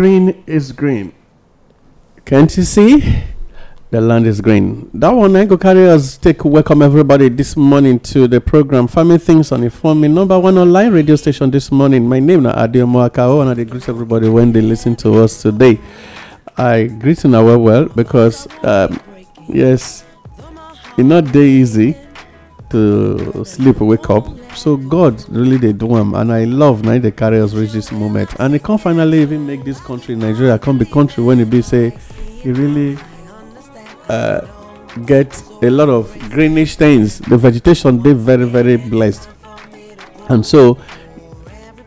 green is green. Can't you see? The land is green. That one, I eh, go carry us. Take welcome everybody this morning to the program Family Things on Informing Number One Online Radio Station this morning. My name is Adio Moakao, and I greet everybody when they listen to us today. I greet you well, well because um, yes, it's not day easy to sleep, wake up, so god really dey do am and i love na dey carry us reach this moment and e come finally even make this country nigeria come be country wey e be say e really uh, get a lot of greenish things the vegetation dey very very blessed and so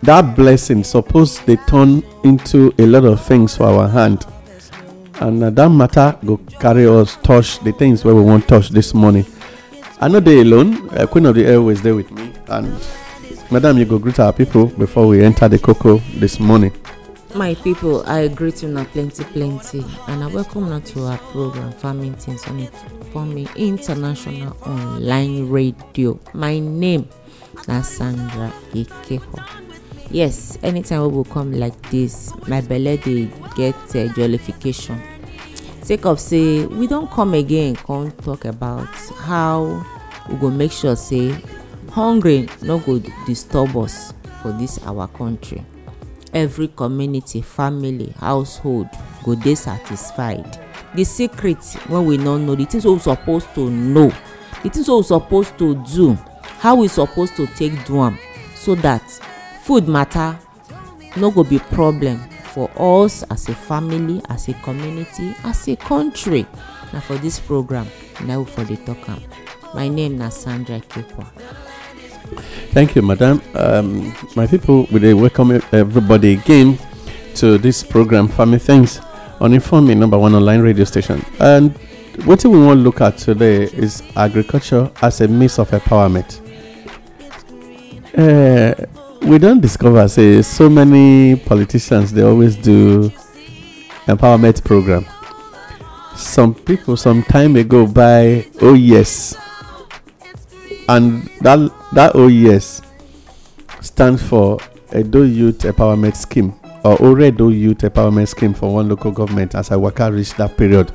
that blessing suppose dey turn into a lot of things for our hand and na uh, that matter go carry us touch the things wey we wan touch this morning I'm not there alone. Uh, Queen of the Airways there with me. And Madam, you go greet our people before we enter the cocoa this morning. My people, I greet you now plenty, plenty, and I welcome now to our program, Farming Things on it for me International Online Radio. My name is Sandra Ikeho. Yes, anytime we will come like this, my belly they get uh, jollification. Take up, say, we don't come again, can't talk about how we go make sure say hungry no go disturb us for this our country every community family household go dey satisfied the secret wey we no know the things wey we suppose to know the things wey we suppose to do how we suppose to take do am so that food matter no go be problem for us as a family as a community as a country na for this program na we for dey talk am My name is Sandra Kikwa. Thank you, madam. Um, my people, we welcome everybody again to this program, Family Things, on Informing Number One Online Radio Station. And what we want to look at today is agriculture as a means of empowerment. Uh, we don't discover, say, so many politicians they always do empowerment program. Some people some time ago buy oh yes and that that oes stands for edo youth empowerment scheme or oredo youth empowerment scheme for one local government as i waka reach that period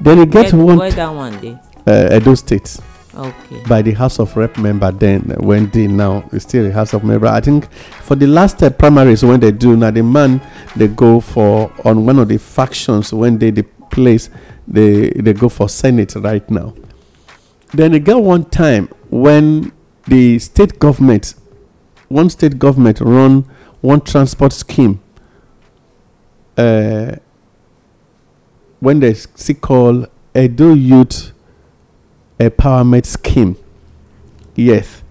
then e get one where that one day. uh, edo state okay by the house of rep member then when they now is still the house of member i think for the last uh, primaries when they do now the man they go for on one of the factions when they the place they they go for senate right now Then they got one time when the state government, one state government run one transport scheme. Uh, when they see call Edo Youth Empowerment Scheme. Yes.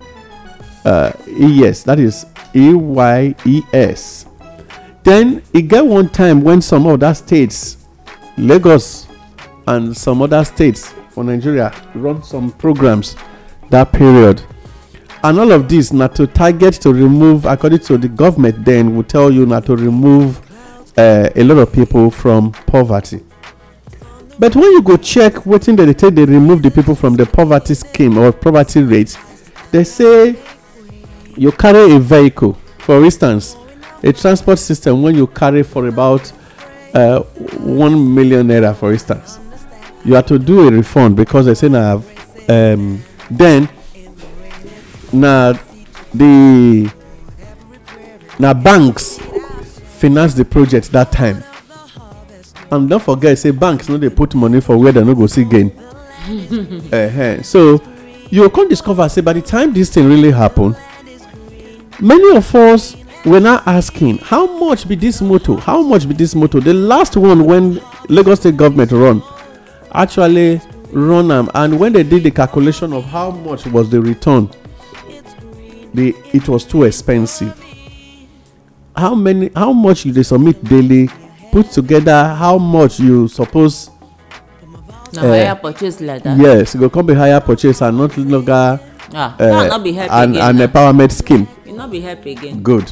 Uh, yes, that is E Y E S. Then it got one time when some other states, Lagos and some other states, for Nigeria run some programs that period. And all of this not to target to remove, according to the government, then will tell you not to remove uh, a lot of people from poverty. But when you go check what in they take, they remove the people from the poverty scheme or poverty rate. They say you carry a vehicle, for instance, a transport system when you carry for about uh, one million naira, for instance you have to do a refund because they say now um, then now the now banks finance the project that time and don't forget say banks no they put money for where they no go see gain uh-huh. so you come discover say by the time this thing really happen many of us were now asking how much be this motor how much be this motor the last one when lagos state government run actually run am and when they did the calculation of how much was the return the it was too expensive how many how much you dey submit daily put together how much you suppose na higher eh, purchase like that yes e go come be higher purchase and not longer ah, eh, be and and ah. empowerment scheme e no be help again good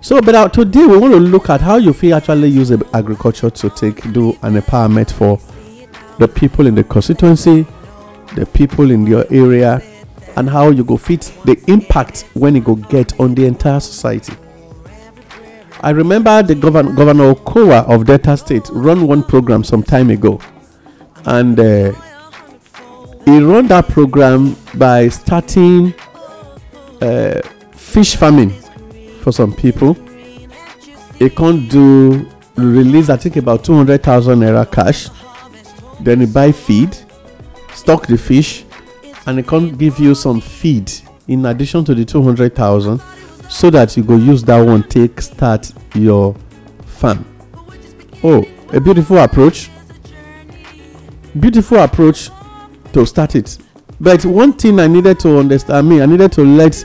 so but uh, today we want to look at how you fit actually use agriculture to take do an empowerment for the people in the constituency, the people in your area, and how you go fit the impact when you go get on the entire society. I remember the govern- Governor Okowa of Delta State run one program some time ago, and uh, he run that program by starting uh, fish farming for some people. He can't do release, I think, about 200,000 naira cash then you buy feed, stock the fish, and it can give you some feed in addition to the 200,000 so that you go use that one take start your farm. Oh, a beautiful approach. Beautiful approach to start it. But one thing I needed to understand, I mean, I needed to let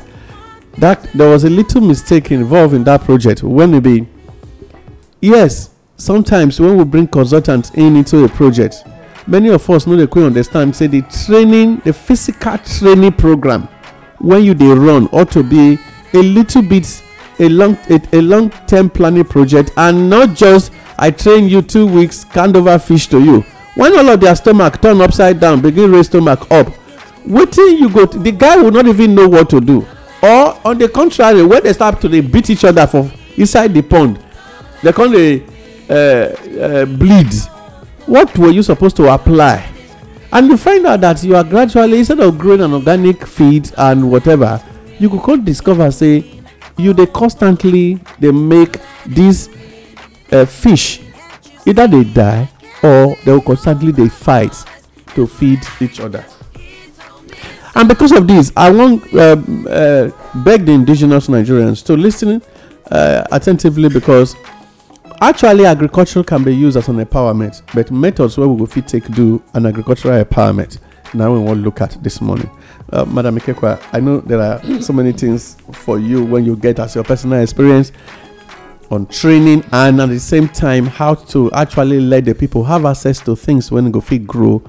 that there was a little mistake involved in that project when we be yes sometimes when we bring consultants in into a project many of us no dey quick understand say the training the physical training program when you dey run ought to be a little bit a long a, a long term planning project and not just i train you two weeks hand over fish to you when all of their stomach turn upside down begin raise stomach up wetin you go the guy will not even know what to do or on the contrary when they start to dey beat each other for inside the pond they come dey uh, uh, bleed what were you supposed to apply? And you find out that you are gradually, instead of growing an organic feed and whatever, you could discover, say, you they constantly they make these uh, fish either they die or they constantly they fight to feed each other. And because of this, I want uh, uh, beg the indigenous Nigerians to listen uh, attentively because actually agriculture can be used as an empowerment but methods where we go fit take do an agricultural empowerment Now we wan look at this morning uh, madam ikekwa i know there are so many things for you when you get as your personal experience on training and at the same time how to actually let the people have access to things when go fit grow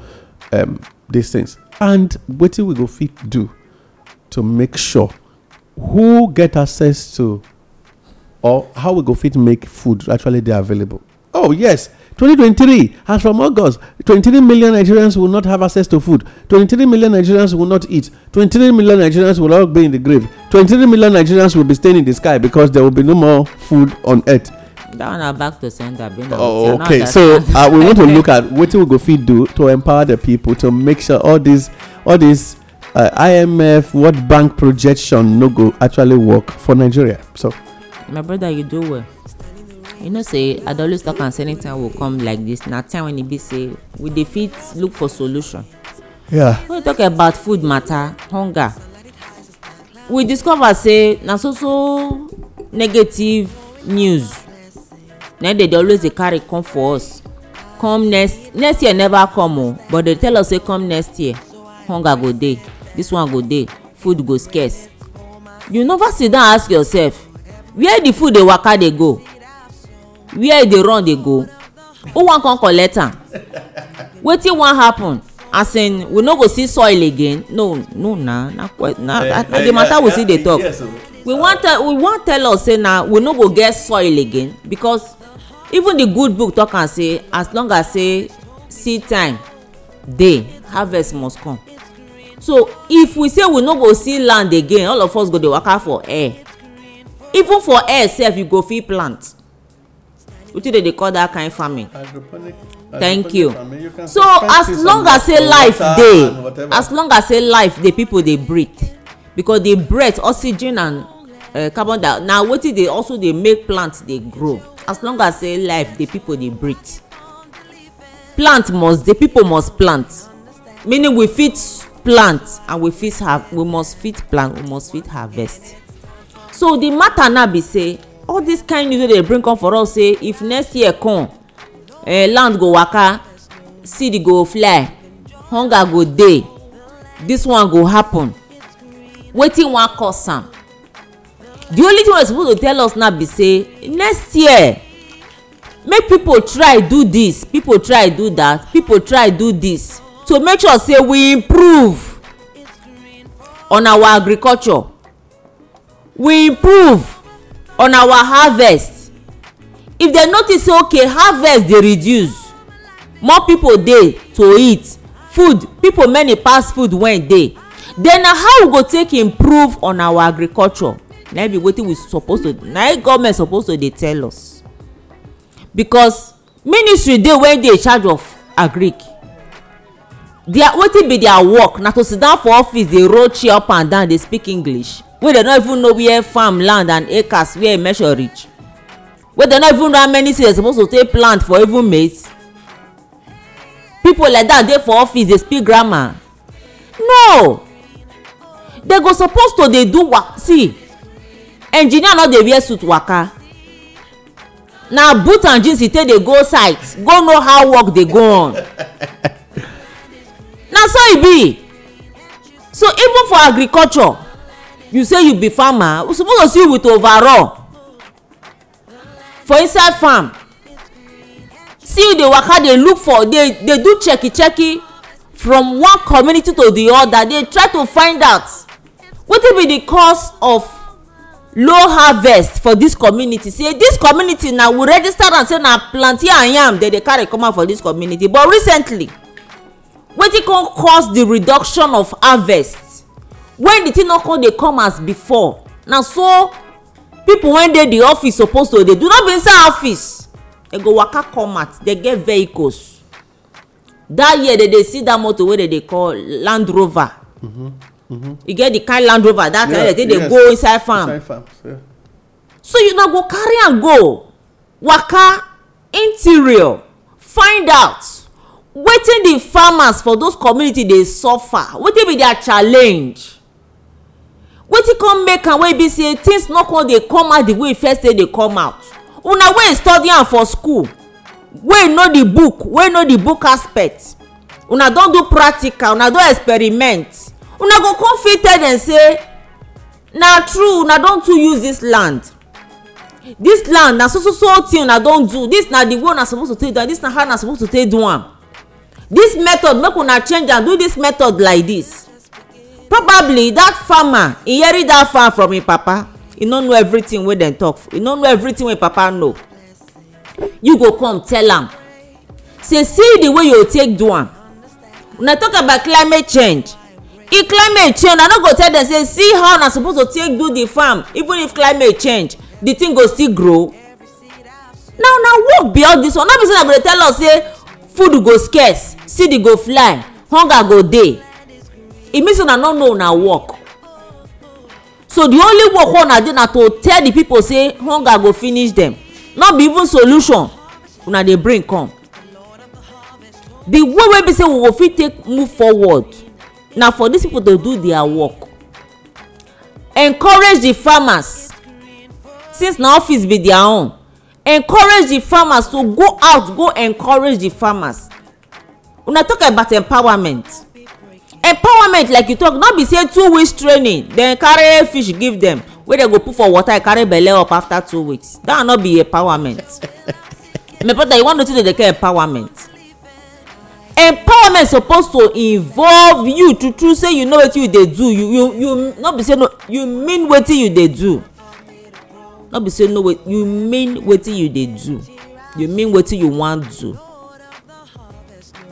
um, these things and what do we go fit do to make sure who get access to or how we go fit make food actually dey available oh yes 2023 as from august 23 million nigerians will not have access to food 23 million nigerians will not eat 23 million nigerians will all be in the grave 23 million nigerians will be staying in the sky because there will be no more food on earth that one back to center oh okay so uh, we want to look at what we go feed do to empower the people to make sure all these all these uh, imf world bank projection no go actually work for nigeria so my brother you do well you know say i dey always talk am say anytime we come like this na time when e be say we dey fit look for solution. Yeah. when we talk about food matter hunger we discover say na so so negative news na dey dey always dey carry come for us come next next year never come o but dey tell us say come next year hunger go dey this one go dey food go scarce you never sit down ask yourself where the food dey waka dey go where e dey run dey go who wan come collect am wetin wan happen as in we no go see soil again no no na na na na eh, eh, the matter we still dey talk oh. we wan tell we wan tell us say na we no go get soil again because even the good book talk am say as long as say seed time dey harvest must come so if we say we no go see land again all of us go dey waka for air even for air sef you go fit plant wetin dem dey call dat kind farming thank you so as long as say life dey as long as say life dey people dey breathe because the breath oxygen and eh, carbon dioxide na wetin dey also dey make plant dey grow as long as say life dey people dey breathe plant must dey people must plant meaning we fit plant and we fit have we must fit plant we must fit harvest so the matter now be say all this kind news wey dey bring come for us say if next year come eh, land go waka seed go fly hunger go dey this one go happen wetin wan cause am the only thing wey suppose to tell us now be say next year make people try do this people try do that people try do this to make sure say we improve on our agriculture we improve on our harvest if dem notice say okay harvest dey reduce more people dey to eat food people many pass food wey dey then na how we go take improve on our agriculture na be wetin we suppose to na government suppose to dey tell us because ministry dey wey dey in charge of agric their wetin be their work na to sit down for office dey roll chair up and down dey speak english wey dem no even know where farm land and acres where e measure reach wey dem no even know how many seed dem suppose to take plant for even maize people like that dey for office dey speak grammar no dem go suppose to dey do work see engineer no dey wear suit waka na boot and jeans he take dey go site go know how work dey go on na so e be so even for agriculture you say you be farmer we suppose to see you with overall for inside farm see you dey waka dey look for dey dey do checky checky from one community to the other dey try to find out wetin be the cause of low harvest for this community say this community na we register am say na plantain and yam dem dey carry come out for this community but recently wetin come cause the reduction of harvest when the thing no come dey come as before na so people wey dey the office suppose to dey do no be inside office dem go waka come out dem get vehicles that year dem dey see that motor wey dem dey call land rover mm -hmm. Mm -hmm. e get the kind land rover that yeah, time dem take dey go inside farm inside farm, yeah. so you na go carry am go waka interior find out wetin the farmers for those community dey suffer wetin be their challenge wetin come make am wey be say things no come dey come out the way e first dey dey come out una wey study am for school wey know the book wey know the book aspect una don do practical una don experiment una go come fit tell dem say na true una don too use this land this land na so so so thing una don do this na the way una suppose to take do am this na how una suppose to take do am this method make una change am do this method like this probably that farmer inherit that farm from him papa he no know everything wey dem talk he no know everything wey papa know you go come tell am say see the way you take do am una talk about climate change if climate change i no go tell dem say see how una suppose to take do the farm even if climate change the thing go still grow now na work be all this one no be say una go dey tell us say food go scarce seed go fly hunger go dey e mean say una no know una work so the only work wey una do na to tell the people say hunger go finish them no be even solution una dey bring come the way wey be say we go fit take move forward na for these people to do their work encourage the farmers since na office be their own encourage the farmers to go out go encourage the farmers una talk about empowerment empowerment like you talk no be say two weeks training then carry fish give them wey dem go put for water carry belle up after two weeks that no be empowerment my brother you wan know wetin dem dey call empowerment empowerment suppose to involve you to true say you know wetin you dey do you you you no be say no you mean wetin you dey do no be say no you mean wetin you dey do you mean wetin you wan do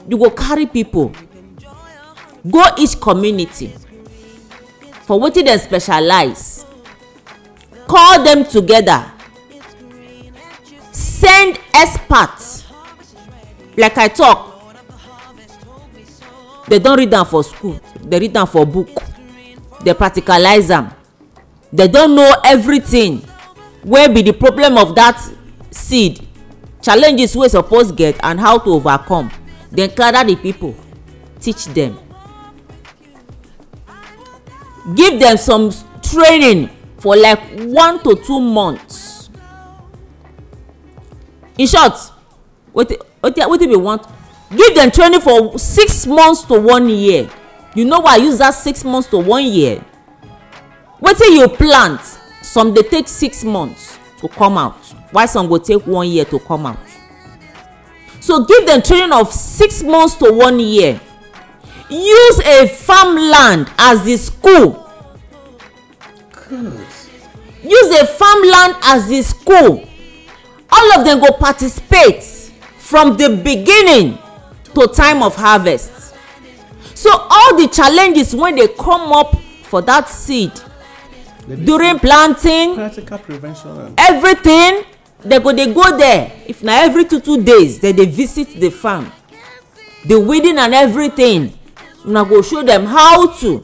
you go carry people go each community for wetin dem specialize call dem together send experts like i talk dem don read am for school dem read am for book dem practicalize am dem don know everything wey be the problem of that seed challenges wey suppose get and how to overcome Then gather the people, teach them, give them some training for like one to two months in short wetin wetin we want give them training for six months to one year you know why i use that six months to one year wetin you plant some dey take six months to come out while some go take one year to come out so give dem training of six months to one year use a farm land as the school Good. use a farm land as the school all of dem go participate from the beginning to time of harvest so all the challenges wey dey come up for that seed during planting uh, everything they go dey go there if na every two two days they dey visit the farm the weeding and everything una go show them how to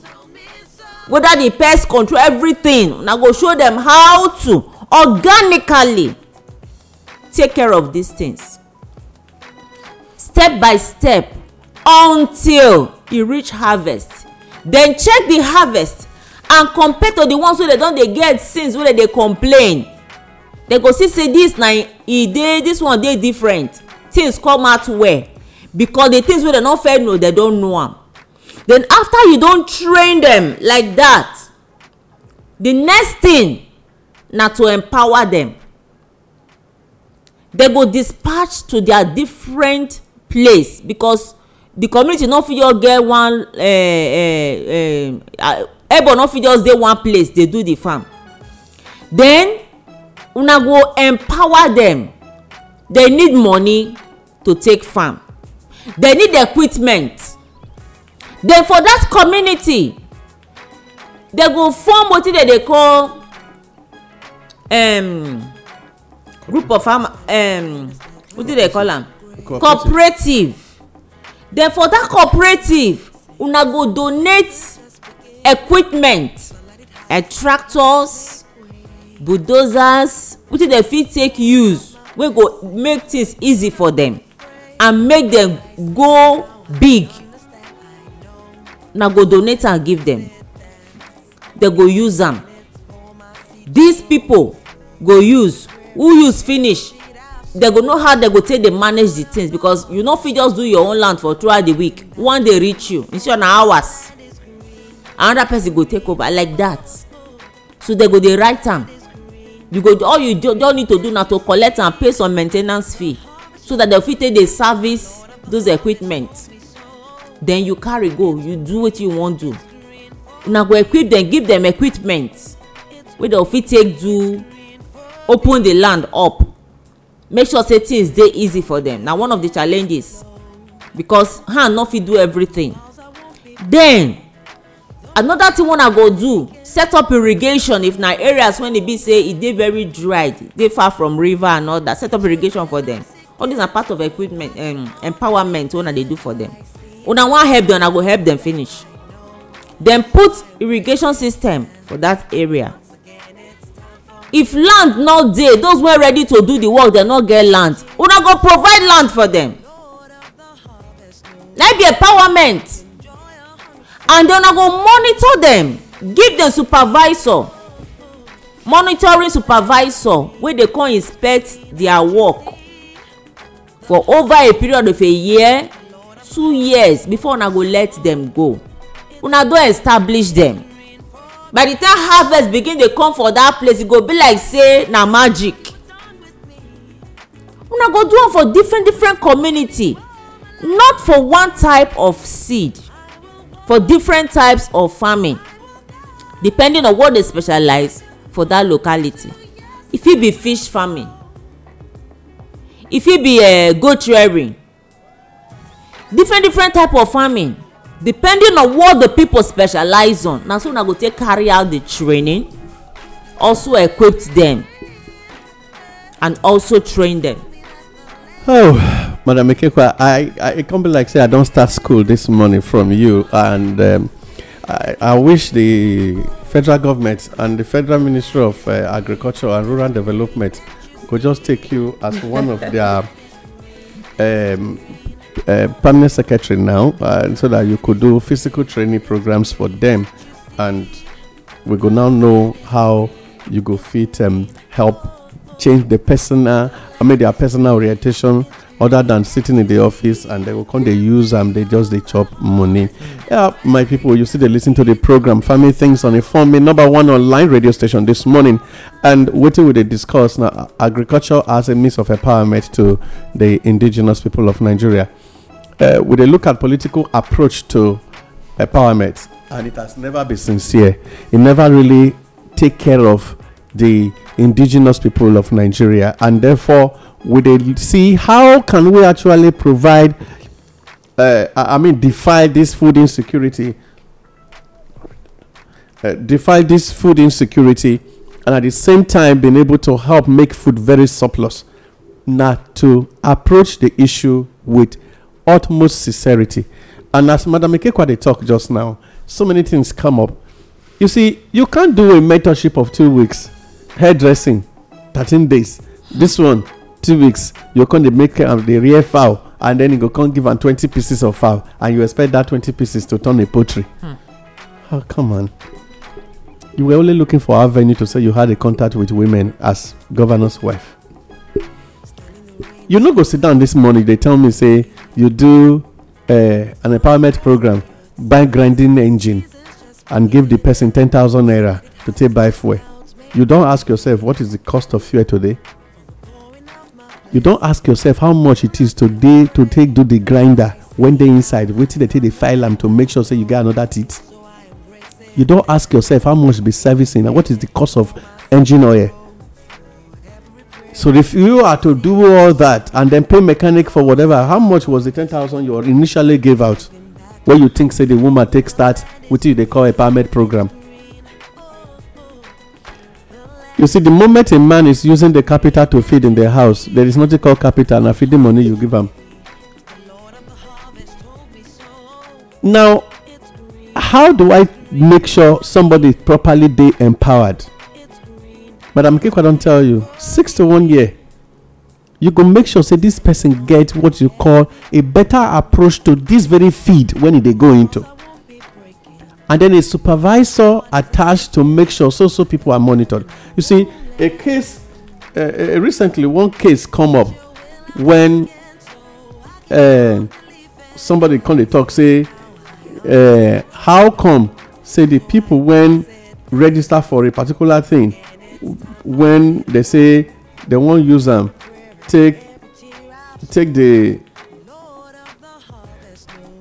whether the pest control everything una go show them how to organically take care of these things step by step until e reach harvest then check the harvest and compared to the ones wey dey don dey get since wey dey dey complain dey go see say this na e dey this one dey different things come out well because the things wey dem no fair know dem don know am then after you don train dem like that the next thing na to empower dem dem go dispatch to their different place because the community no fit just get one uh, uh, uh, ebo no fit just dey one place dey do the farm then una go empower them they need money to take farm they need equipment then for that community they go form wetin dem dey call um, group of farm um, what do they call am cooperative. cooperative then for that cooperative una go donate equipment like tractors bulldozers wetin dem fit take use wey go make things easy for dem and make dem go big una go donate am give dem dem go use am these people go use who use finish dem go know how dem go take dey manage the things because you no fit just do your own land for throughout the week one dey reach you instead na hours another person go take over like that so they go dey write am you go all you just need to do na to collect and pay some main ten ance fee so that dem fit take dey service those equipment then you carry go you do wetin you wan do una go equip them, give them equipment wey dem fit take do open the land up make sure say things dey easy for them. na one of the challenges because hand no fit do everything then another thing one i go do set up irrigation if na areas when e be say e dey very dry e dey far from river and all that set up irrigation for them all these na part of equipment um, empowerment wey una dey do for them una wan help them una go help them finish dem put irrigation system for that area if land no dey those wey ready to do the work dem no get land una go provide land for them na e be empowerment and then una go monitor dem give dem supervisor monitoring supervisor wey dey come inspect their work for over a period of a year two years before una go let dem go una don establish dem by the time harvest begin dey come for that place e go be like say na magic una go do am for different different community not for one type of seed for different types of farming depending on what they specialize for that locality e fit be fish farming e fit be uh, goat rearing different different type of farming depending on what the people specialize on na so una go take carry out the training also equip them and also train them Oh, Madam Ikekwa, I, I it can be like say I don't start school this morning from you, and um, I, I wish the federal government and the federal ministry of uh, agriculture and rural development could just take you as one of their um, uh, permanent secretary now, uh, so that you could do physical training programs for them, and we could now know how you go fit um, help change the personal, I mean their personal orientation other than sitting in the office and they will come they use and um, they just they chop money yeah my people you see they listen to the program family things on a phone number one online radio station this morning and what will they discuss now agriculture as a means of empowerment to the indigenous people of nigeria uh, with a look at political approach to empowerment and it has never been sincere it never really take care of the indigenous people of Nigeria, and therefore we they see how can we actually provide, uh, I mean, defy this food insecurity, uh, defy this food insecurity, and at the same time being able to help make food very surplus. Not to approach the issue with utmost sincerity, and as Madam Ikekwa they talk just now, so many things come up. You see, you can't do a mentorship of two weeks hairdressing thirteen days this one two weeks you come to make am um, the rear fowl and then you go come give them twenty pieces of fowl and you expect that twenty pieces to turn a poultry hmm. oh come on you were only looking for avenue to say you had a contact with women as governor's wife you no go sit down this morning They tell me say you do uh, an empowerment program buy grinding engine and give the person ten thousand naira to take by fuel you don't ask yourself, what is the cost of fuel today? You don't ask yourself how much it is today to take do the grinder when they inside, waiting take they file lamp to make sure say you get another teeth. You don't ask yourself how much be servicing and what is the cost of engine oil. So if you are to do all that and then pay mechanic for whatever, how much was the ten thousand you initially gave out? What you think say the woman takes that? with you they call a permit program? You see, the moment a man is using the capital to feed in the house, there is nothing called capital. Now, feeding money you give him. Now, how do I make sure somebody properly de empowered? Madam Kiko, don't tell you, six to one year, you can make sure say this person get what you call a better approach to this very feed when they go into. and then a supervisor attached to make sure so so people are monitored. You see, a case uh, recently, one case come up when uh, somebody come to talk say, uh, how come say the people when register for a particular thing when they say they wan use am take take the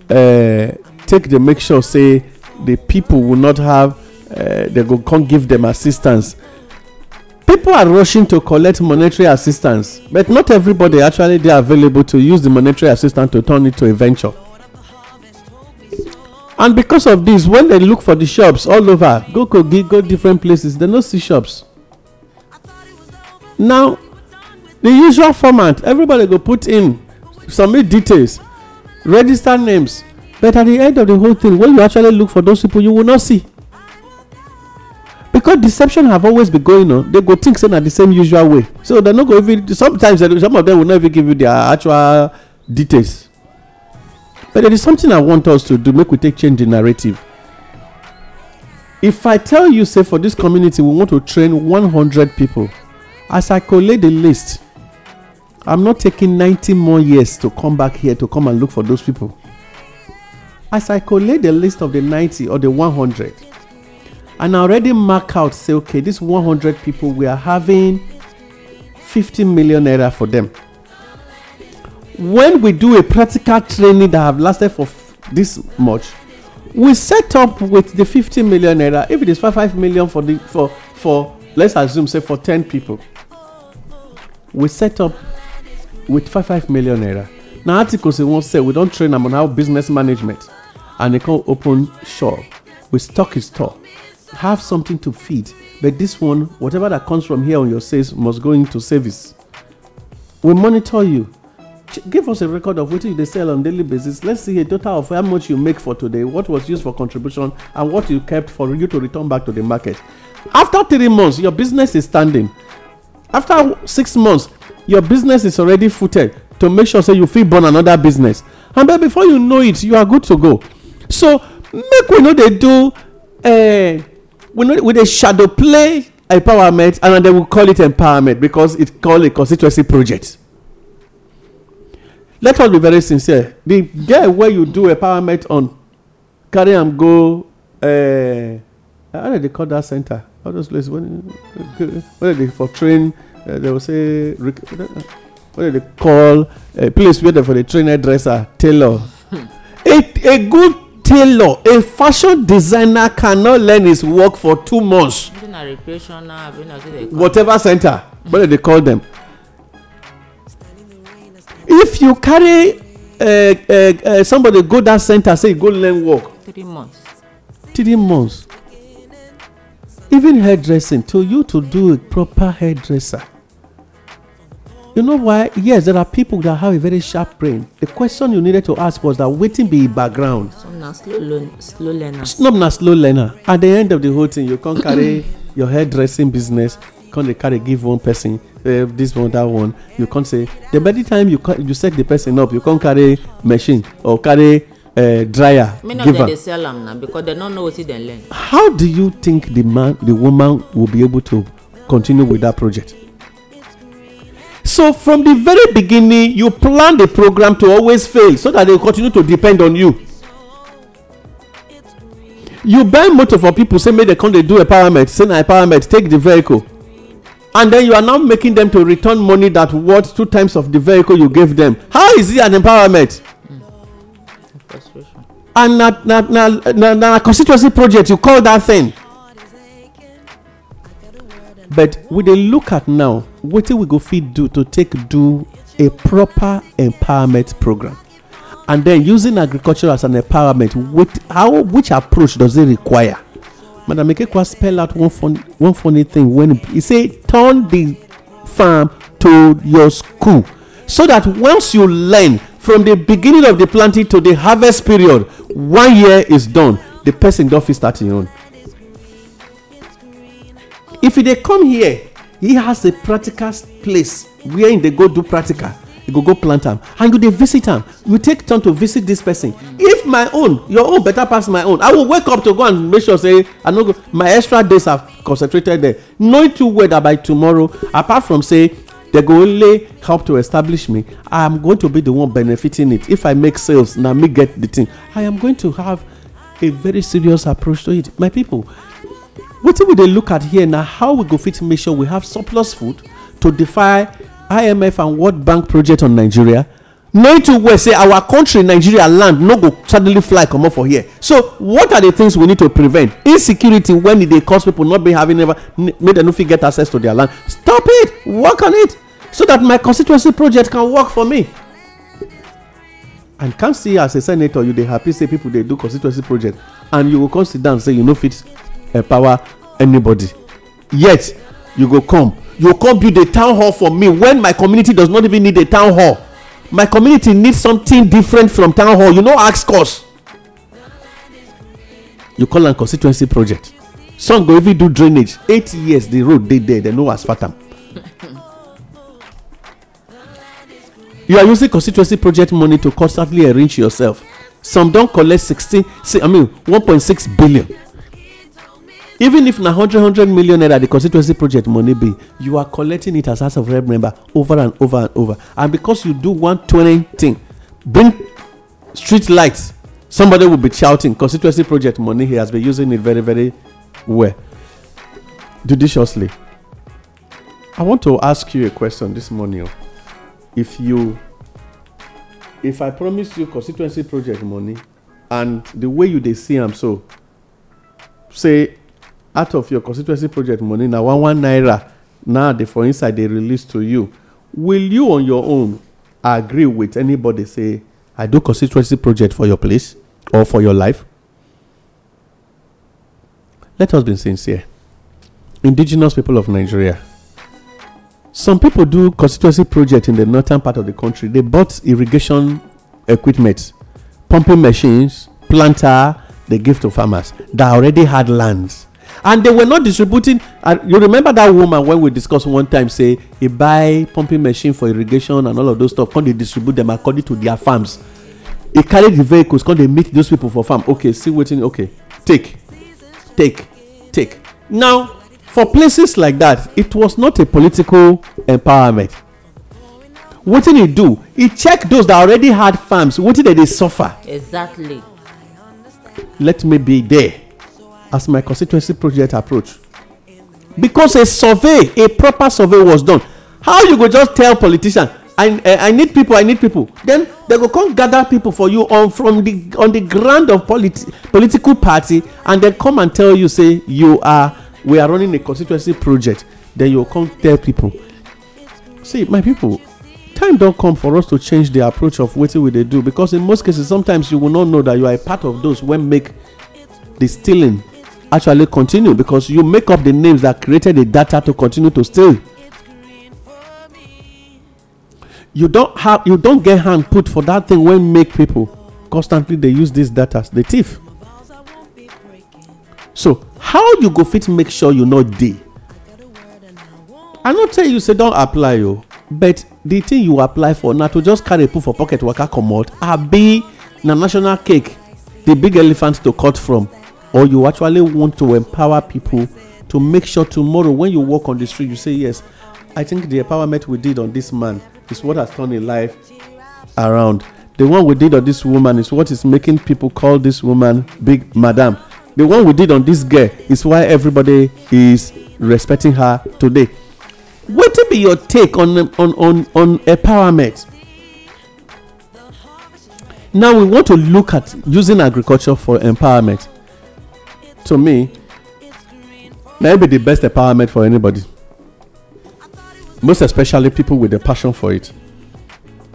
uh, take the make sure say the people will not have uh, they go can't give them assistance people are rushing to collect monetary assistance but not everybody actually they are available to use the monetary assistance to turn it to a venture and because of this when they look for the shops all over go kogi go different places they no see shops now the usual format everybody go put in submit details register names But at the end of the whole thing, when you actually look for those people, you will not see. Because deception have always been going on, they go think say na the same usual way. So they're not going. even sometimes eh, some of them will never give you their actual details. But there is something I want us to do, make we take change the narrative. If I tell you, say for this community, we want to train 100 people, as I collate the list, I'm not taking 90 more years to come back here to come and look for those people. As I collate the list of the 90 or the 100, and I already mark out, say, okay, this 100 people, we are having 50 million naira for them. When we do a practical training that have lasted for f- this much, we set up with the 50 million naira. If it is 5 million for the for for let's assume say for 10 people, we set up with 5 million naira. Now articles won't say we don't train them on how business management. and they come open shop with stock is store have something to feed but this one whatever that comes from here on your sales must go into service we monitor you give us a record of what you sell on daily basis let's see a total of how much you make for today what was used for contribution and what you kept for you to return back to the market after three months your business is standing after six months your business is already footed to make sure say you feed burn another business and then before you know it you are good to go so make we no dey do uh, we dey shadow play empowerment and then we call it empowerment because it call a constituency project let us be very sincere the girl wey you do empowerment on carry am go uh, how do call that center all those places when when they for train uh, they will say what do they call a place where they for the trainer dresser tailor hmm. a a good tailor a fashion designer cannot learn his work for two months whatever center mm. what do they call them if you carry uh, uh, uh, somebody go that center say go learn work three months three months even hairdressing to you to do a proper hairdresser You know why? Yes, there are people that have a very sharp brain. The question you needed to ask was that waiting be background. Some na slow, learn, slow learner. Some na slow learner. At the end of the whole thing, you can't carry your hairdressing business. Can't they carry give one person uh, this one that one. You can't say the better time you you set the person up, you can't carry machine or carry uh, dryer. Many of them they sell them now because they don't know what they learn. How do you think the man, the woman will be able to continue with that project? so from the very beginning you plan the program to always fail so that they continue to depend on you you buy motor for people say make dem come dey do empowerment say na empowerment take the vehicle and then you are now making them to return money that worth two times of the vehicle you gave them how is it an empowerment mm. and na na na na na constituency project you call that thing but we dey look at now wetin we go fit do to take do a proper empowerment program and then using agriculture as an empowerment with how which approach does it require madam ekekwa spell out one fun one funny thing when he say turn the farm to your school so that once you learn from the beginning of the planting to the harvest period one year is done the person don fit start im own if e dey come here he has a practical place where e dey go do practical you go go plant am and you dey visit am you take turn to visit this person if my own your own better pass my own i will wake up to go and make sure say i no go my extra days are concentrated there knowing too well that by tomorrow apart from say they go only help to establish me i am going to be the one benefiting it if i make sales na me get the thing i am going to have a very serious approach to it my people wetin we dey look at here na how we go fit make sure we have surplus food to defy imf and world bank project on nigeria knowing too well say our country nigeria land no go suddenly fly comot for here so what are the things we need to prevent insecurity when e dey cause people not be having ever make dem no fit get access to their land stop it work on it so that my constituency project can work for me and come see as a senator you dey happy say people dey do constituency project and you go come sit down say you no fit empower anybody yet you go come you come build a town hall for me when my community does not even need a town hall my community needs something different from town hall you no ask us you call am constituency project some go even do drainage eight years the road dey there dem no asphalt am you are using constituency project money to constantly enrich yourself some don collect sixteen i mean one point six billion even if na hundred hundred million naira the constituency project money be you are collecting it as house of rep member over and over and over and because you do one twenty thing bring street lights somebody will be shouting constituency project money he has been using it very very well judiciously i want to ask you a question this morning oh. if you if i promise you constituency project money and the way you dey see am so say out of your constituency project money na one one naira now the for inside dey release to you will you on your own agree with anybody say i do constituency project for your place or for your life let us be sincere indigenous people of nigeria some people do constituency project in the northern part of the country they bought irrigation equipment pumping machines planter they give to farmers that already had lands and they were not distributing and you remember that woman when we discussed one time say he buy pumping machine for irrigation and all of those stuff come dey distribute them according to their farms He carry the vehicles come dey meet those people for farm okay see wetin okay take take take now for places like that it was not a political empowerment wetin he do He check those that already had farms wetin dey dey suffer exactly let me be there as my constituency project approach because a survey a proper survey was done how you go just tell politician i uh, i need people i need people then they go come gather people for you on from the on the ground of politi political party and then come and tell you say you are we are running a constituency project then you come tell people see my people time don come for us to change the approach of wetin we dey do because in most cases sometimes you will not know that you are a part of those wey make the stealing actually continue because you make up the names that created the data to continue to steal you don't have you don't get hand put for that thing when make people constantly they use these data the thief so how you go fit make sure you not dey i not tell you say don't apply yo, oh. but the thing you apply for now to just carry put for pocket waka comot abi na national cake the big elephant to cut from or you actually want to empower people to make sure tomorrow when you walk on the street you say yes i think the empowerment we did on this man is what has turned his life around the one we did on this woman is what is making people call this woman big madam the one we did on this girl is why everybody is respecting her today what will be your take on on on, on empowerment now we want to look at using agriculture for empowerment to me, maybe the best empowerment for anybody. Most especially people with a passion for it.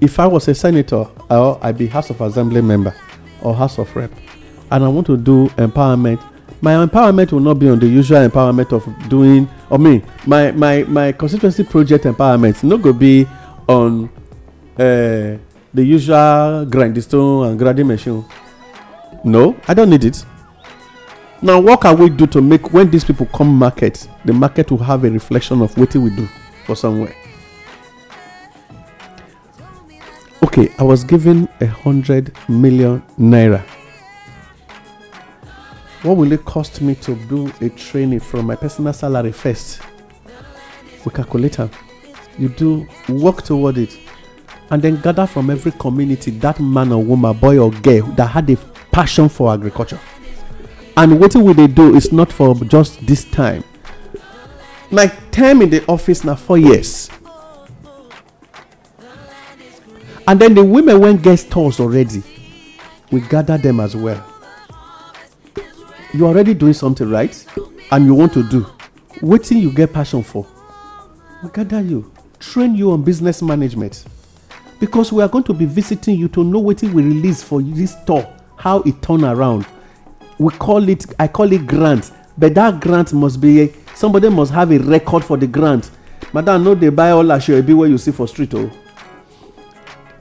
If I was a senator or I'd be House of Assembly member or House of Rep, and I want to do empowerment, my empowerment will not be on the usual empowerment of doing or me my my my constituency project empowerment not gonna be on uh, the usual grindstone and grinding machine. No, I don't need it now what can we do to make when these people come market the market will have a reflection of what we do for somewhere okay i was given a hundred million naira what will it cost me to do a training from my personal salary first we calculate them you do work toward it and then gather from every community that man or woman boy or girl that had a passion for agriculture and what will they do is not for just this time my time in the office now four years and then the women went guest stores already we gather them as well you're already doing something right and you want to do What thing you get passion for we gather you train you on business management because we are going to be visiting you to know what we release for this store how it turn around we call it i call it grant but that grant must be somebody must have a record for the grant madam no dey buy all asoebi wey you see for street o oh.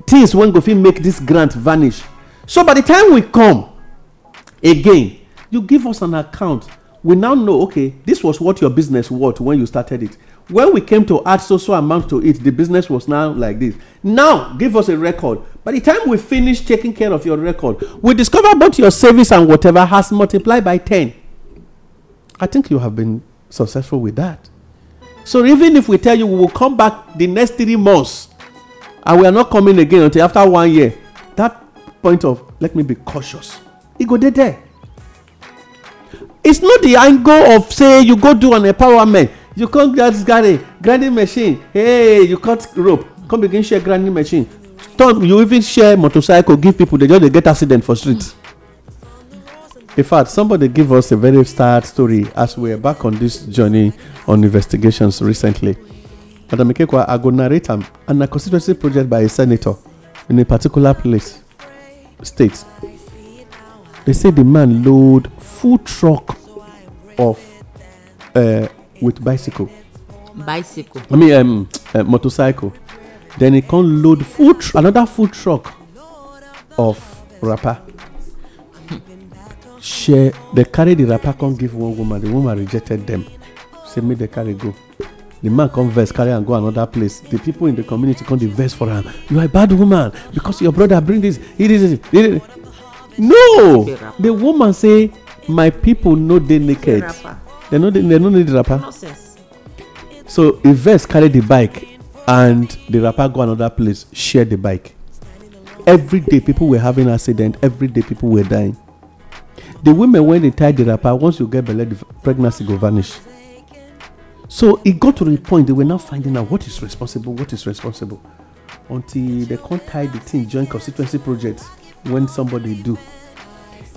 things wey go fit make this grant vanish so by the time we come again you give us an account we now know okay this was what your business worth when you started it when we came to add so so amount to it the business was now like this now give us a record by the time we finish taking care of your record we discover both your service and whatever has multiplied by 10 i think you have been successful with that so even if we tell you we will come back the next three months and we are not coming again until after one year that point of let me be cautious e go there it's not the angle of say you go do an empowerment you come get this garden grinding machine hey you cut rope come begin share grinding machine talk you even share motorcycle give people they just dey get accident for street. In fact, somebody give us a very sad story as we are back on this journey on investigations recently. Madam Ikekwa, I go narrate am and a constituency project by a senator in a particular place, state. They say the man load full truck of uh, with bicycle. bicycle. i mean um, uh, motorcycle then he come load food. tr another food truck of wrapper hmm. She they carry the wrapper come give one woman the woman rejected them say me they carry go the man come vex carry and go another place the people in the community come dey for him. you are a bad woman because your brother bring this he is he no the woman say my people know they naked they no they no need wrapper nonsense so a vet carry the bike and the rapper go another place share the bike every day people were having accident every day people were dying the women when they tie the rapper, once you get belle pregnancy go vanish so it got to the point they were now finding out what is responsible what is responsible until they can't tie the thing join constituency projects. when somebody do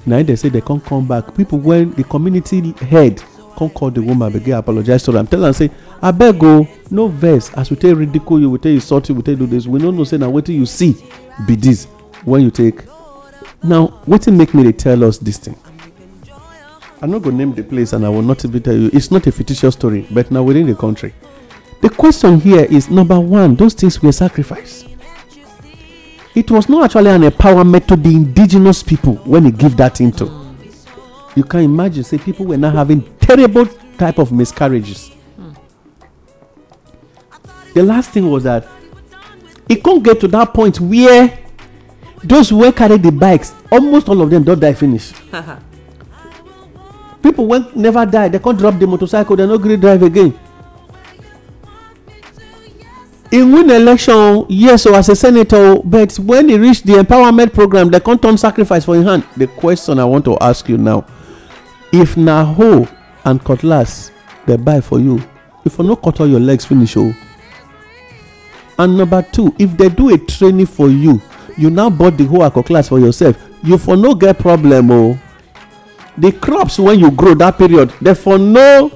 now they say they can't come back people when the community head come call the woman begin apologize to am tell am say abeg o no vex as we take ridicule you we take insult you we take do this we no know say na wetin you see be this when you take now wetin make me dey tell us this thing i no go name the place and i will not even tell you it's not a fictitious story but na within the country the question here is number one those things were sacrifice. it was not actually an empowerment to the indigenous people when he give that into. You can imagine, say, people were now having terrible type of miscarriages. Mm. The last thing was that it can't get to that point where those who were carrying the bikes, almost all of them don't die finish. people went never die, they can't drop the motorcycle, they're not going to drive again. In win election yes or as a senator but when he reach the empowerment program they can't turn sacrifice for in hand the question i want to ask you now if na hoe and cutlass dem buy for you you for no cut all your legs finish o oh. and number two if dem do a training for you you now bought the hoe and cutlass for yourself you for no get problem o oh. the crops wey you grow that period dem for no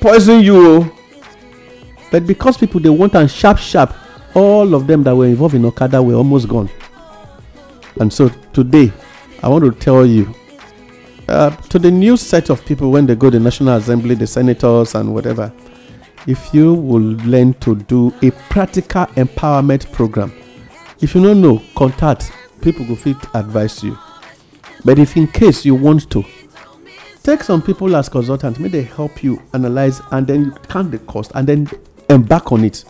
poison you o oh. but because people dey want am sharp sharp all of them that were involved in okada were almost gone and so today I want to tell you uh, to the new set of people when they go to the National Assembly, the senators, and whatever, if you will learn to do a practical empowerment program, if you don't know, contact people who fit advise you. But if in case you want to, take some people as consultants, may they help you analyze and then count the cost and then embark on it.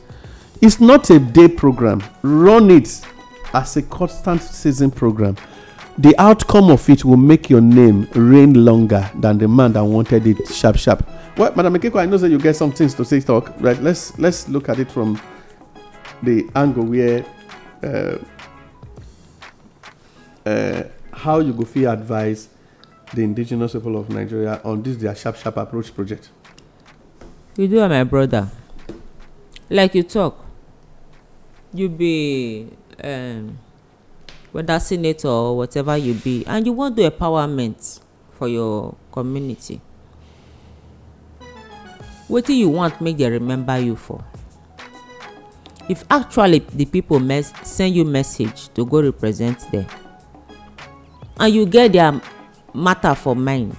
It's not a day program, run it as a constant season program. the outcome of it will make your name reign longer than the man that wanted it sharp sharp well madam ikeko i know that you get some things to say talk right let's let's look at it from the angle where uh, uh, how you go feel advise the indigenous people of nigeria on this their sharp sharp approach project. you do my brother like you talk you be um, whether senator or whatever you be and you wan do empowerment for your community wetin you want make dem remember you for if actually the people mes send you message to go represent them and you get their matter for mind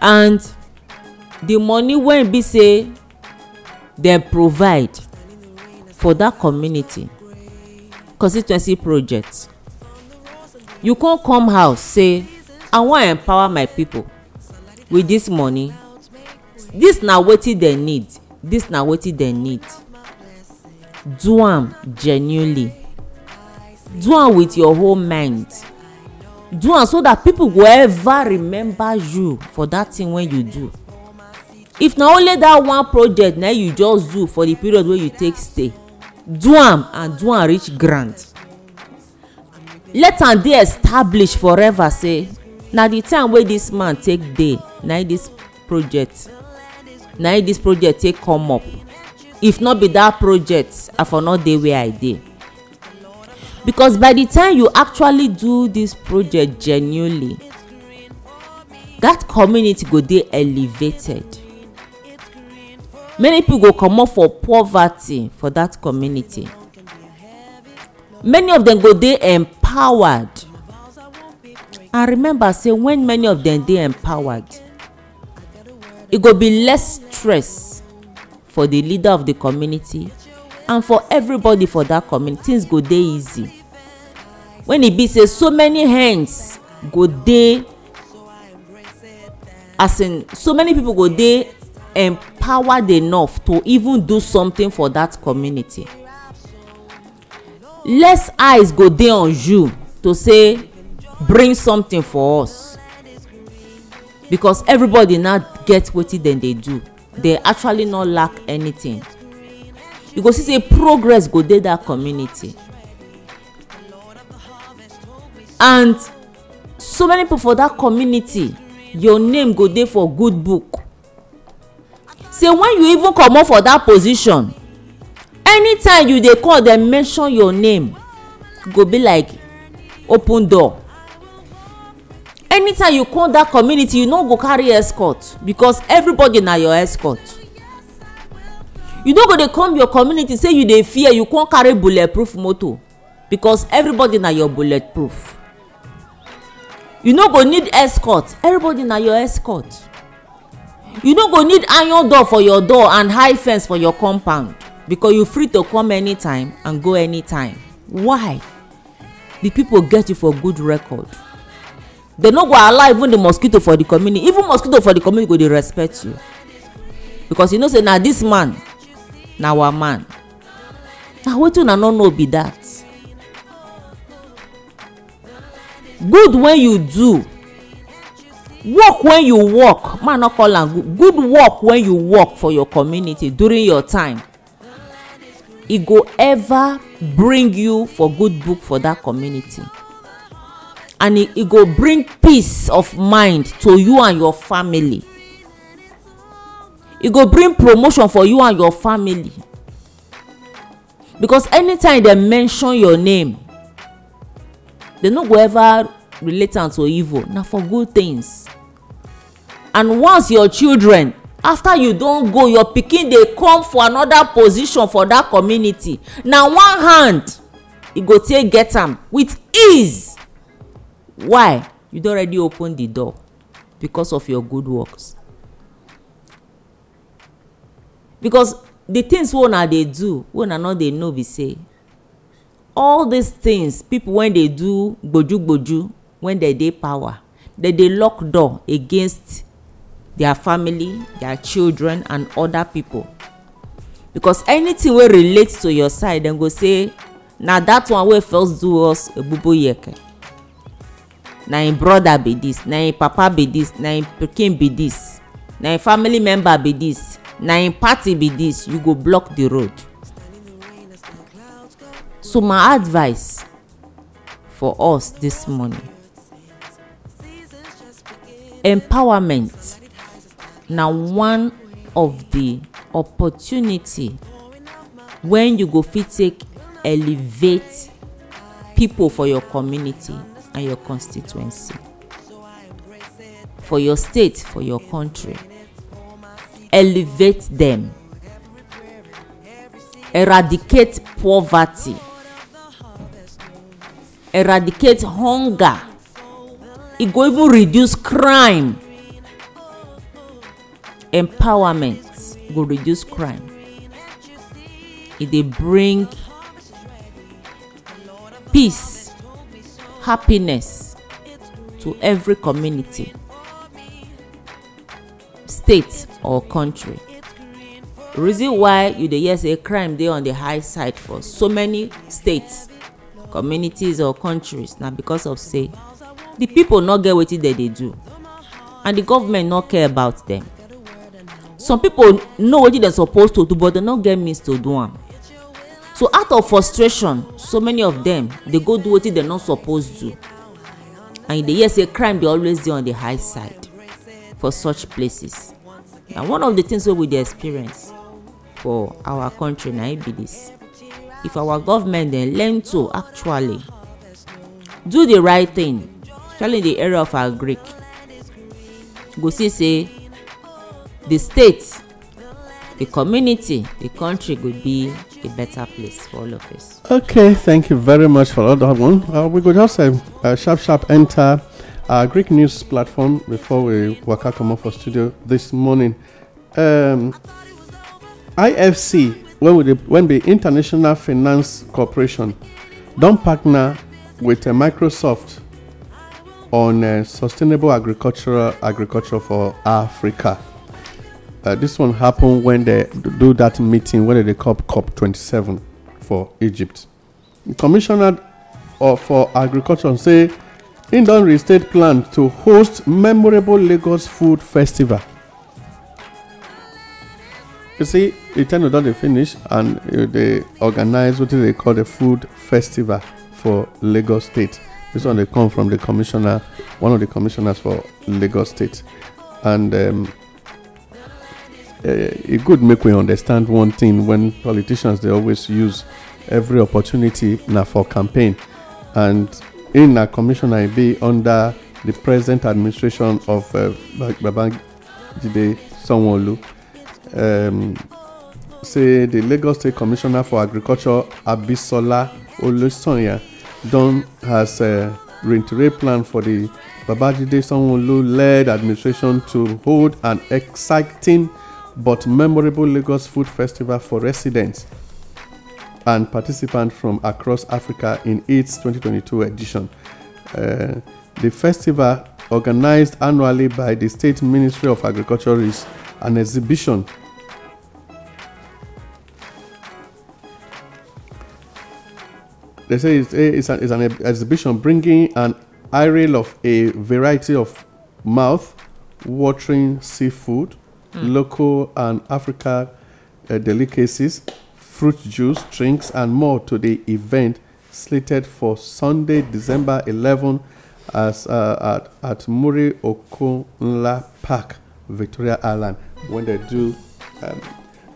and the money wey be say dem provide for that community constituency project you come come house say i wan empower my people with this money this na wetin dem need this na wetin dem need do am genuinely do am with your whole mind do am so that people go ever remember you for that thing wey you do if na only that one project na you just do for the period wey you take stay do am and do am reach grand let am dey established forever say na the time wey this man take dey na this project na this project take come up if not be that project i for no dey where i dey because by the time you actually do this project genuinely that community go dey elevated many people go comot for poverty for that community many of them go dey empowered and remember say when many of them dey empowered e go be less stress for the leader of the community and for everybody for that community things go dey easy when e be say so many hands go dey as in so many people go dey empowered enough to even do something for that community less eyes go dey on you to say bring something for us because everybody now get wetin dem dey do they actually no lack anything you go see say progress go dey that community and so many people for that community your name go dey for good book say when you even comot for that position anytime you dey call dem mention your name go be like open door anytime you come that community you no go carry escort because everybody na your escort you no go dey come your community say you dey fear you come carry bulletproof motor because everybody na your bulletproof you no go need escort everybody na your escort you no go need iron door for your door and high fence for your compound because you free to come anytime and go anytime why the people get you for good record they no go allow even the mosquito for the community even mosquito for the community go dey respect you because you know say na this man na our man na wetin una no know be that good wey you do work when you work man no call am good work when you work for your community during your time e go ever bring you for good book for that community and e, e go bring peace of mind to you and your family e go bring promotion for you and your family because anytime dem mention your name dem no go ever relate am to evil na for good things and once your children after you don go your pikin dey come for another position for that community na one hand e go take get am with ease why you don already open the door because of your good works because the things wey una dey do wey una no dey know be say all these things people wey dey do gbojugboju when they dey power they dey lock door against their family their children and other people because anything wey relate to your side dem go say na that one wey first do us ebubo yeke na im brother be this na im papa be this na im pikin be this na im family member be this na im party be this you go block the road so my advice for us this morning empowerment na one of the opportunity when you go fit take elevate people for your community and your constituency for your state for your country elevate them eradicate poverty eradicate hunger e go even reduce crime empowerment go reduce crime e dey bring peace happiness to every community state or country reason why you dey hear say crime dey on the high side for so many states communities or countries na because of say The people no get wetin dem dey do and the government no care about them. some people know wetin dem suppose to do but they no get means to do am so out of frustration so many of them dey go do wetin they no suppose do and you dey hear say crime dey always dey on the high side for such places na one of the things wey we dey experience for our country na it be this if our government dey learn to actually do the right thing especially in the area of agric you go see say the state the community the country go be a better place for all of us. okay thank you very much for all that one uh, we go just uh, uh, sharp sharp enter our greek news platform before we out come comot for studio this morning um, ifc when we dey when the international finance corporation don partner with uh, microsoft on uh, sustainable agricultural agriculture for Africa. Uh, this one happened when they do that meeting, when they call COP 27 for Egypt. The Commissioner uh, for Agriculture say, Indon state plan to host memorable Lagos Food Festival. You see, the ten don they finish and uh, they organize what they call the food festival for Lagos State. This one they come from the commissioner, one of the commissioners for Lagos State, and um, eh, it could make we understand one thing when politicians they always use every opportunity now for campaign, and in a commissioner be under the present administration of uh, eh, Babangide sanwo Um, say the Lagos State Commissioner for Agriculture Abisola Olosanya Don has uh, reiterate plan for the Babajide Sanwo-Olu-led administration to hold an exciting but memorable Lagos Food Festival for residents and participants from across Africa in its 2022 edition. Uh, the festival, organized annually by the State Ministry of Agriculture, is an exhibition They say it's, eh, it's, an, it's an exhibition bringing an array of a variety of mouth watering seafood, mm. local and Africa uh, delicacies, fruit juice, drinks, and more to the event slated for Sunday, December 11 as, uh, at, at Muri Okunla Park, Victoria Island. When they do, um,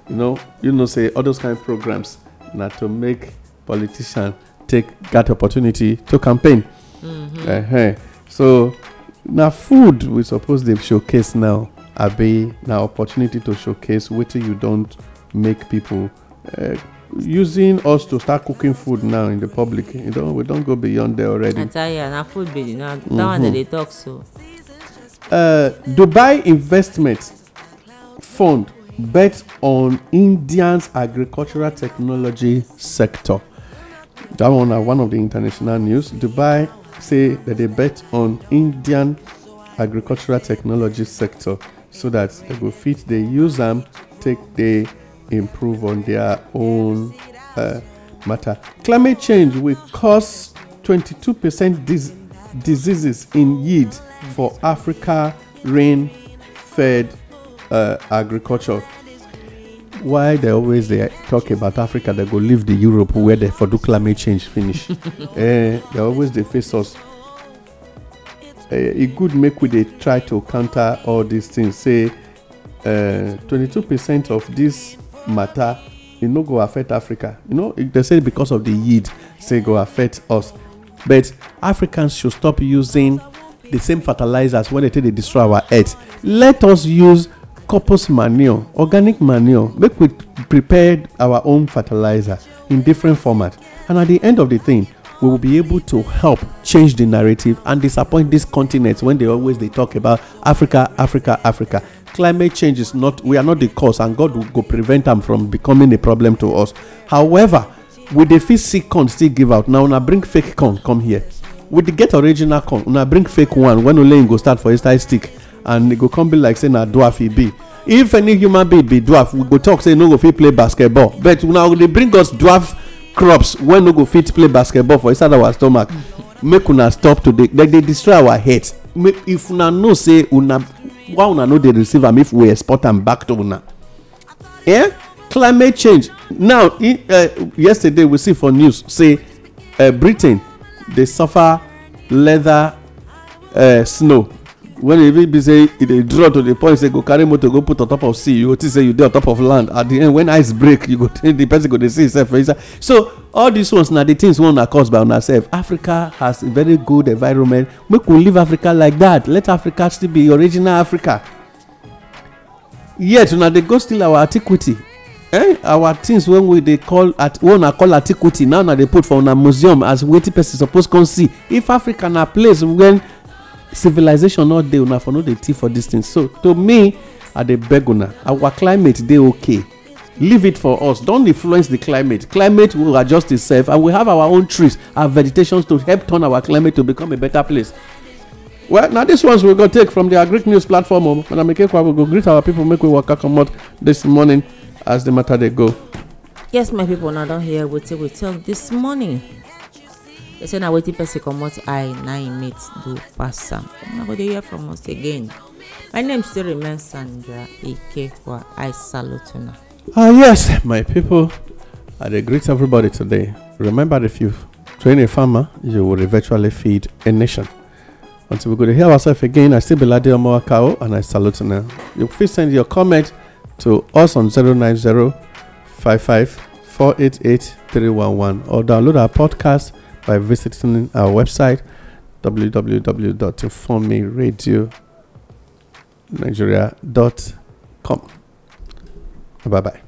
you know, you know, say all those kind of programs, not to make politicians take that opportunity to campaign uh-huh. so na food we suppose dey showcase now abi na opportunity to showcase wetin you don make people uh, using us to start cooking food now in the public you know we don go beyond there already. i tell you na food be the na that mm-hmm. one dem dey talk so. Uh, dubai investment fund bet on india's agricultural technology sector That one, are one of the international news. Dubai say that they bet on Indian agricultural technology sector so that they will fit they use them, take they improve on their own uh, matter. Climate change will cause 22% dis- diseases in yield for Africa rain fed uh, agriculture why they always they talk about africa they go leave the europe where the for do climate change finish eh they always they face us It eh, e good make we they try to counter all these things say eh, twenty-two percent of this matter it e no go affect africa you know they say because of the yield say go affect us but africans should stop using the same fertilizers when dey take dey destroy our earth let us use compost manure organic manure make we prepare our own fertilizer in different format and at the end of the thing we will be able to help change the narrative and disappoint this continent when they always they talk about africa africa africa climate change is not we are not the cause and god will go prevent them from becoming a problem to us however with the fake see corn still give out now I bring fake corn come here we the get original corn I bring fake one when oleyin go start for a stick and e go come be like say na dwarf e be if any human being be dwarf we go talk say no go fit play basketball but una go dey bring us dwarf crops wey no go fit play basketball for inside our stomach make una stop to dey dem dey destroy our health if una know say una why una no dey receive am if we export am back to una eh climate change now eh, yesterday we see for news say eh, britain dey suffer leather eh, snow when e even be say e dey draw to the point say go carry motor go put on top of sea you go think say you dey on top of land at the end when ice break you go think the person go dey see himself for inside so all these ones na the things wey una cause by una sef africa has a very good environment make we leave africa like that let africa still be original africa yet una dey go steal our antiquity eh our things wey we dey call at wey una call antiquity now una dey put for una museum as wetin person suppose come see if africa na place when civilization no dey una for no dey tea for dis thing so to me i dey beg una our climate dey okay leave it for us don influence the climate climate will adjust itself and we have our own trees and vegetations to help turn our climate to become a better place well na dis ones we go take from the agric news platform o oh. madam ikekwa we go greet our people. make we waka comot this morning as di matter dey go yes my pipo na don hear wetin we talk this morning dem say na wetin person comot eye na im mate do pass am una go dey hear from us again my name still remain sandra ikekwa i salute una. ah yes my people i dey greet everybody today remember if you train a farmer you will eventually feed a nation. Until we go to hear ourselves again, I still be Lade Omoakao and I salute now. You can send your comment to us on zero zero nine five five four eight eight three one one or download our podcast by visiting our website www.informeradio.nigeria.com. Bye bye.